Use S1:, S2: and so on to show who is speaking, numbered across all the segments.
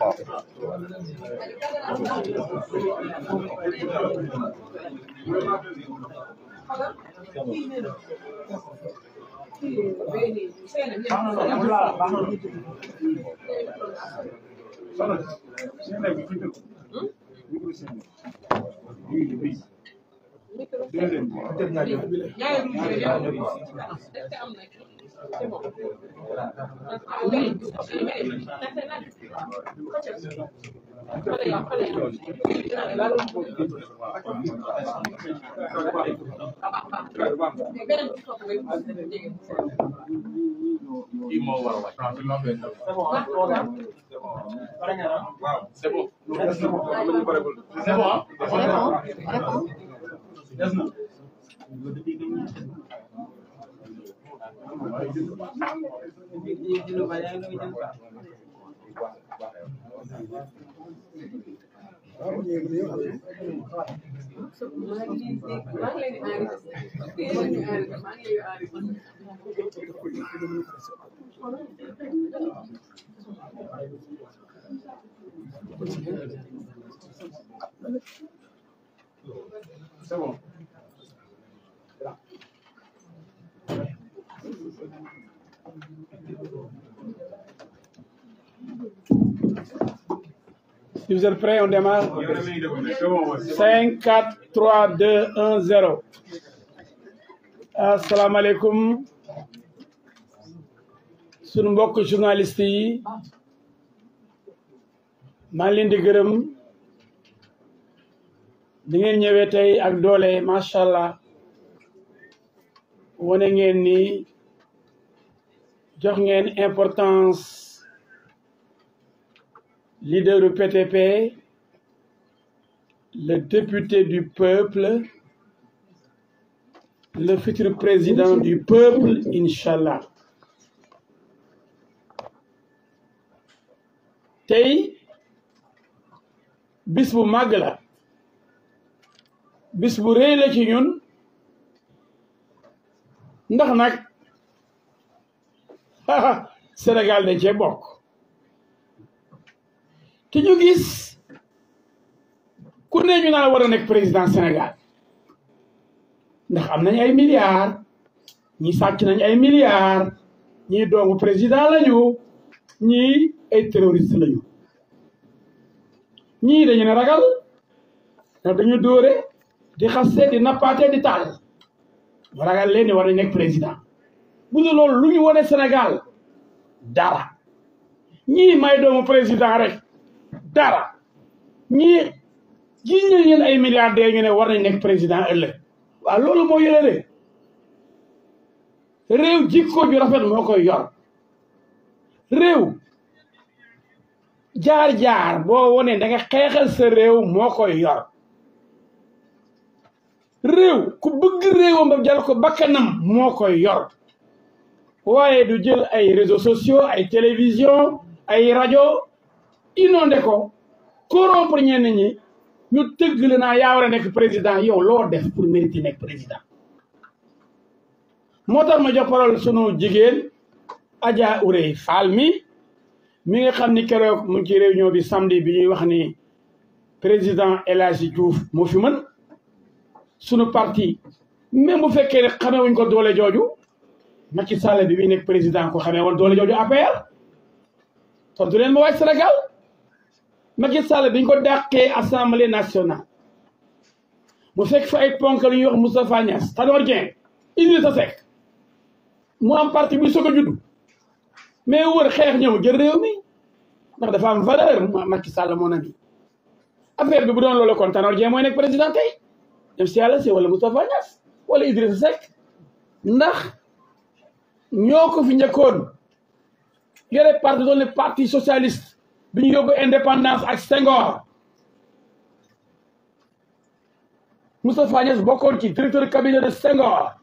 S1: Paul.
S2: Sana, sana, sana, C'est bon. C'est bon. C'est bon.
S1: des na Thank you. c'est bon.
S2: Si vous êtes prêts, on démarre. Assalamu alaikum. suñu mbokk journaliste yi maa ngi leen di gërëm bi ngeen ñëwee tey ak doole macha allah wane ngeen ni jox ngeen importance leaderu PTP le député du peuple le futur président du peuple inchallah tey bis bu màgg la bis bu rëy la ñun ndax nag Sénégal de cee bokk ki ñu gis ku ne ñu naan war a nekk président Sénégal ndax am nañ ay milliards ñi sàcc nañ ay milliards ñii doomu président lañu ñii ay terroriste lañu ñii dañu ne ragal ndax dañu dóore di xaste di nappaate di taal ñu ragal leen war nañ nekk président bu dul loolu lu ñu wane Sénégal dara ñii may doomu président rek dara ñii gis nañ ay milliardaires ñu ne war nañ nekk président ëllëg waaw loolu moo yore réew jikko ju rafet moo koy yor réew jaar-jaar boo wonee da nga xeexal sa réew moo koy yor réew ku bëgg réewam ba jal ko bakkanam moo koy yor waaye du jël ay réseaux sociaux ay télévision ay rajo inondé ko corrompre ñenn ñi ñu tëgg naa yaa war a nekk président yow loo def pour mériter nekk président moo tax ma jox parole sunu jigéen Adja Ourey Fall mi mi nga xam ni keroog mu ngi ci réunion bi samedi bi ñuy wax ni président El Hadji Diouf moo fi mën sunu parti même bu fekkee ne xamee wuñ ko doole jooju Macky Sall bi muy nekk président ko xamee woon doole jooju APR tontu leen ma waay Sénégal Macky Sall biñ ko dàqee assemblée nationale mu fekk fa ay ponk lu ñuy wax Moustapha Niass Tanor Dieng Idrissa mu am parti bi soog a juddu mais wër xeex ñëw jël réew mi ndax dafa am valeur Macky Sall moo na bi affaire bi bu doon loolu kon Tanor Dieng mooy nekk président tey dem si yàlla si wala Moustapha wala Idrissa Seck ndax ñoo ko fi njëkkoon yore parti doon parti socialiste bi ñu yóbbu indépendance ak Senghor Moustapha Niass bokkoon ci directeur cabinet de Senghor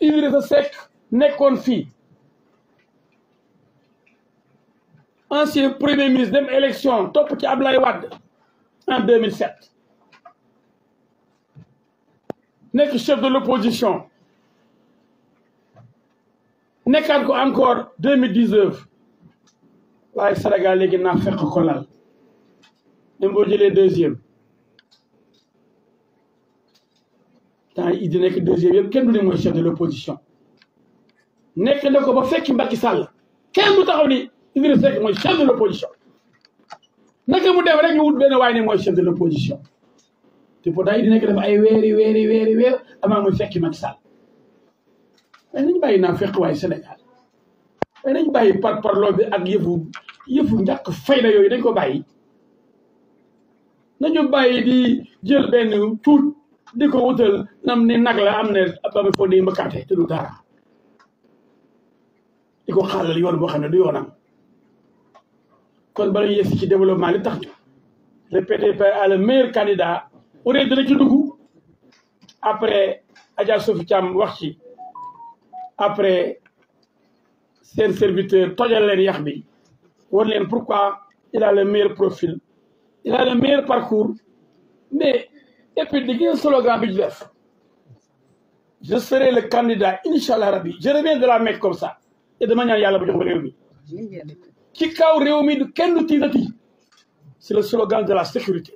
S2: Idrissa Seck nekkoon fii ancien premier ministre dem élection topp ci Abdoulaye Wade en 2007 nekk chef de l'opposition nekkaat ko encore deux mille dix-neuf waaye Sénégal léegi naa fekk ko lal même boo jëlee deuxième temps yi di nekk deuxième yëpp kenn du ne mooy chef de l'opposition nekk na ko ba fekki Macky Sall kenn du taxaw ni Idrissa Seck mooy chef de l'opposition naka mu dem rek ñu wut benn waay ne mooy chef de l'opposition te pourtant dina ko dem ay weeri weeri weeri weer avant muy fekki Macky Sall waaye nañ bàyyi naa fekk waaye Sénégal waaye nañ bàyyi par parloo bi ak yëfu yëfu ñàkk fayda yooyu dañ ko bàyyi nañu bàyyi di jël benn tuut di ko wutal nam ni nag la am ne baba foo di mbëkkaate te du di ko xaalal yoon boo xam ne du yoonam kon bala ñu ci développement li tax ñu le PDP a le meilleur candidat urée dana ci duggu après Adja Sofi Thiam wax ci après seen serviteur tojal leen yax bi war leen pourquoi il a le meilleur profil il a le meilleur parcours mais et puis di slogan bi ñu def je serai le candidat incha allah rabi je reviens de la Mecque comme ça et dama ñaan yàlla bu jox réew mi ci kaw réew mi du kenn tiitati c'est le slogan de la sécurité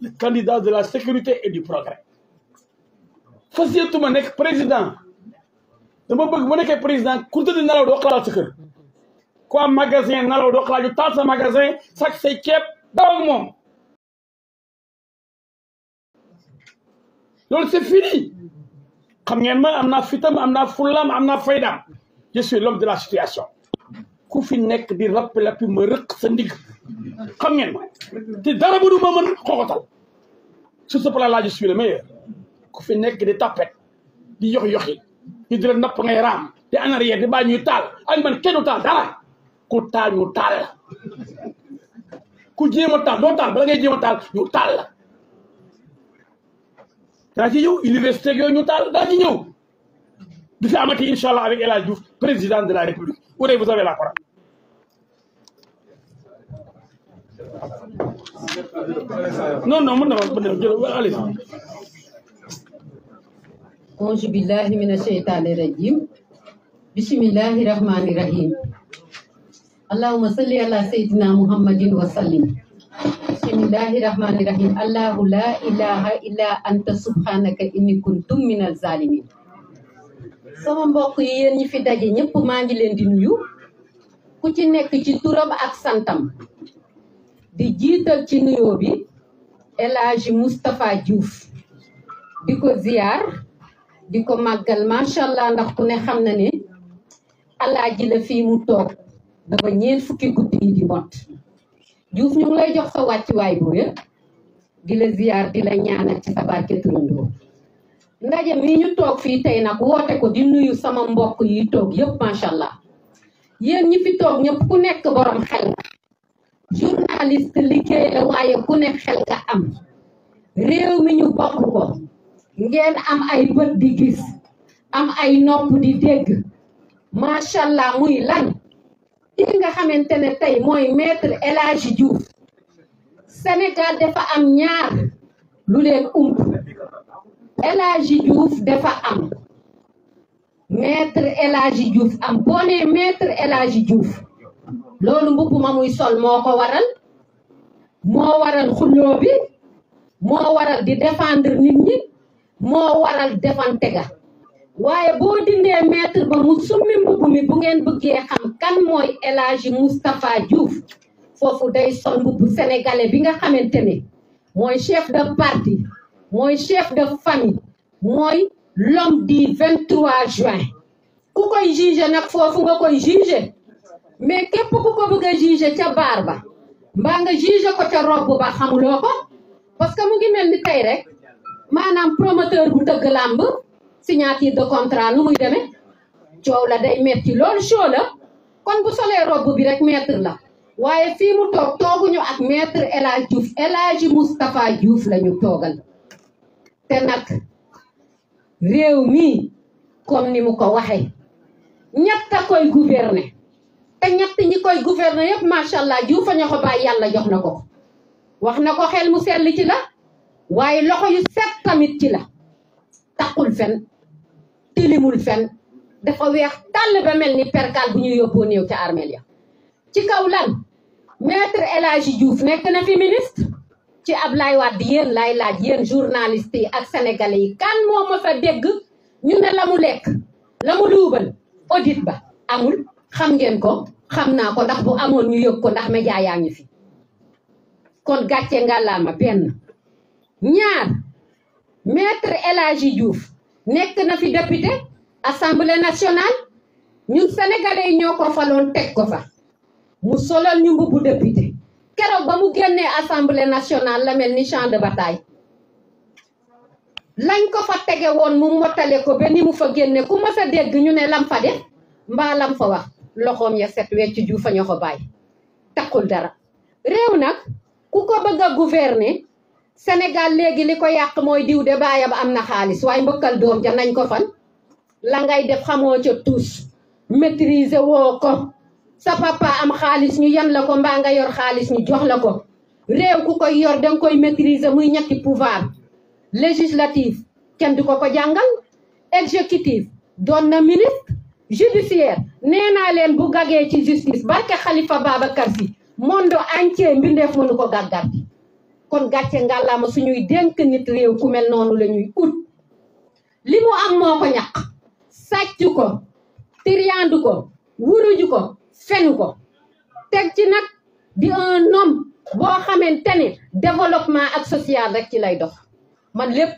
S2: le candidat de la sécurité et du progrès fas yéetuma nekk président dama bëgg nekkee président ku tëdd nelaw doo xalaat sa kër ku am magasin nelaw doo xalaat ñu taal sa magasin sàcc say ceeb daw ak moom loolu c'est fini ngeen ma am naa fitam am naa fullaam am naa faydam je suis l'homme de la situation ku fi nekk di rappi lappi ma rëq sa ndig xam ngeen ma te dara bu du ma mën xooxatal sur ce plan là le meilleur ku fi nekk di tappet di yox yoxi ñu di la napp ngay raam di en arrière di baa ñuy taal ak man kenn du taal dara ku taal ñu taal la ku jéem a taal doo taal bala ngay jéem a taal ñu taal la daa ci ñëw université yooyu ñu taal daa ci ñëw di fi amati incha avec El Hadj Diouf président de la république Où est-ce que vous avez la parole Non, non, mën na ma mën na allez.
S1: Auzu billahi mina sheytaani rajim. Bismillahi rahmani rahim. Allahumma salli ala sayyidina Muhammadin wa sallim. Bismillahi rahmani rahim. Allahu la ilaha illa anta subhanaka inni kuntum minaz zalimin. sama mbokk yi yéen ñi fi daje ñëpp maa ngi leen di nuyu ku ci nekk ci turam ak santam di jiital ci nuyoo bi El Hadji Moustapha Diouf di ko ziyaar di ko màggal macha allah ndax ku ne xam na ne alaaji la fi mu toog dafa ñeent fukki guddi yi di mot Diouf ñu ngi lay jox sa wàccuwaay bu wér di la ziyaar di la ñaanal ci sa barke turandoo ndaje mi ñu toog fii tey nag woote ko di nuyu sama mbokk yi toog yëpp macha allah yéen ñi fi toog ñëpp ku nekk borom xel nga journaliste liggéey waaye ku ne xel nga am réew mi ñu bokk ko ngeen am ay bët di gis am ay nopp di dégg macha muy lan ki nga xamante ne tey mooy maître El Hadji Sénégal dafa am ñaar lu leen ump El Hadji Diouf dafa am maître El Hadji am boo nee maître El Hadji loolu mbubb ma muy sol moo ko waral moo waral xuloo bi moo waral di défendre nit ñi moo waral defante ga waaye boo dindee maître ba mu summi mbubb mi bu ngeen bëggee xam kan mooy El Hadji Moustapha foofu day sol mbubb sénégalais bi nga xamante ne mooy chef de parti mooy chef de famille mooy l'homme du juin ku koy juge nag foofu nga koy juge mais képp ku ko bëgg juge ca baar ba mbaa nga juge ko ca robb ba xamuloo ko parce que mu ngi mel ni tey rek maanaam promoteur bu tëgg si signature de contrat nu muy demee coow la day metti loolu show la kon bu solee robb bi rek maître la waaye fii mu toog tooguñu ak maître El Hadj Diouf El Hadj Moustapha Diouf la ñu toogal te nag réew mi comme ni mu ko waxee ñett a koy gouverner te ñett ñi koy gouverner yëpp macha allah jiw fa ñoo ko yàlla jox na ko wax na ko xel mu sell ci la waaye loxo yu set tamit ci la taqul fen tilimul fen dafa weex tàll ba mel ni perkal bu ñuy yóbboo néew ca armeel ya ci kaw lan maître El Hadji Diouf na fi ministre ci ab Ablaye Wade yéen lay laaj yéen journaliste yi ak sénégalais yi kan moo ma fa dégg ñu ne la mu lekk la mu luubal audit ba amul xam ngeen ko xam naa ko ndax bu amoon ñu yëg ko ndax média yaa ngi fi kon gàcce ngàllaama benn ñaar maître El Hadji Diouf nekk na fi député assemblée nationale ñun sénégalais yi ñoo ko faloon teg ko fa mu solal ñu mbubbu député keroog ba mu génnee assemblée nationale la mel ni champ de bataille lañ ko fa tege woon mu mottale ko ba ni mu fa génne ku mës a dégg ñu ne lam fa def mbaa lam fa wax loxoom ya set wecc ju fa ñoo ko bàyyi dara réew nag ku ko bëgg a Sénégal léegi li ko yàq mooy diw de baayam am na xaalis waaye mbokkal doom ja nañ ko fan la ngay def xamoo ca tous maîtriser woo ko sa papa am xaalis ñu yan la ko mbaa nga yor xaalis ñu jox la ko réew ku koy yor danga koy maîtriser muy ñetti pouvoir législatif kenn di ko ko jàngal exécutif doon na ministre judiciaire nee naa leen bu gagee ci justice barke Khalifa Babacar Sy monde entier mbindeef mënu ko gàggar kon gàcce ngàllaama suñuy dénk nit réew ku mel noonu la ñuy ut li mu am moo ko ñàq sàcc ko tiriyandu ko wuruju ko fen ko teg ci nag di un homme boo xamante ne développement ak social rek ci lay dox man lépp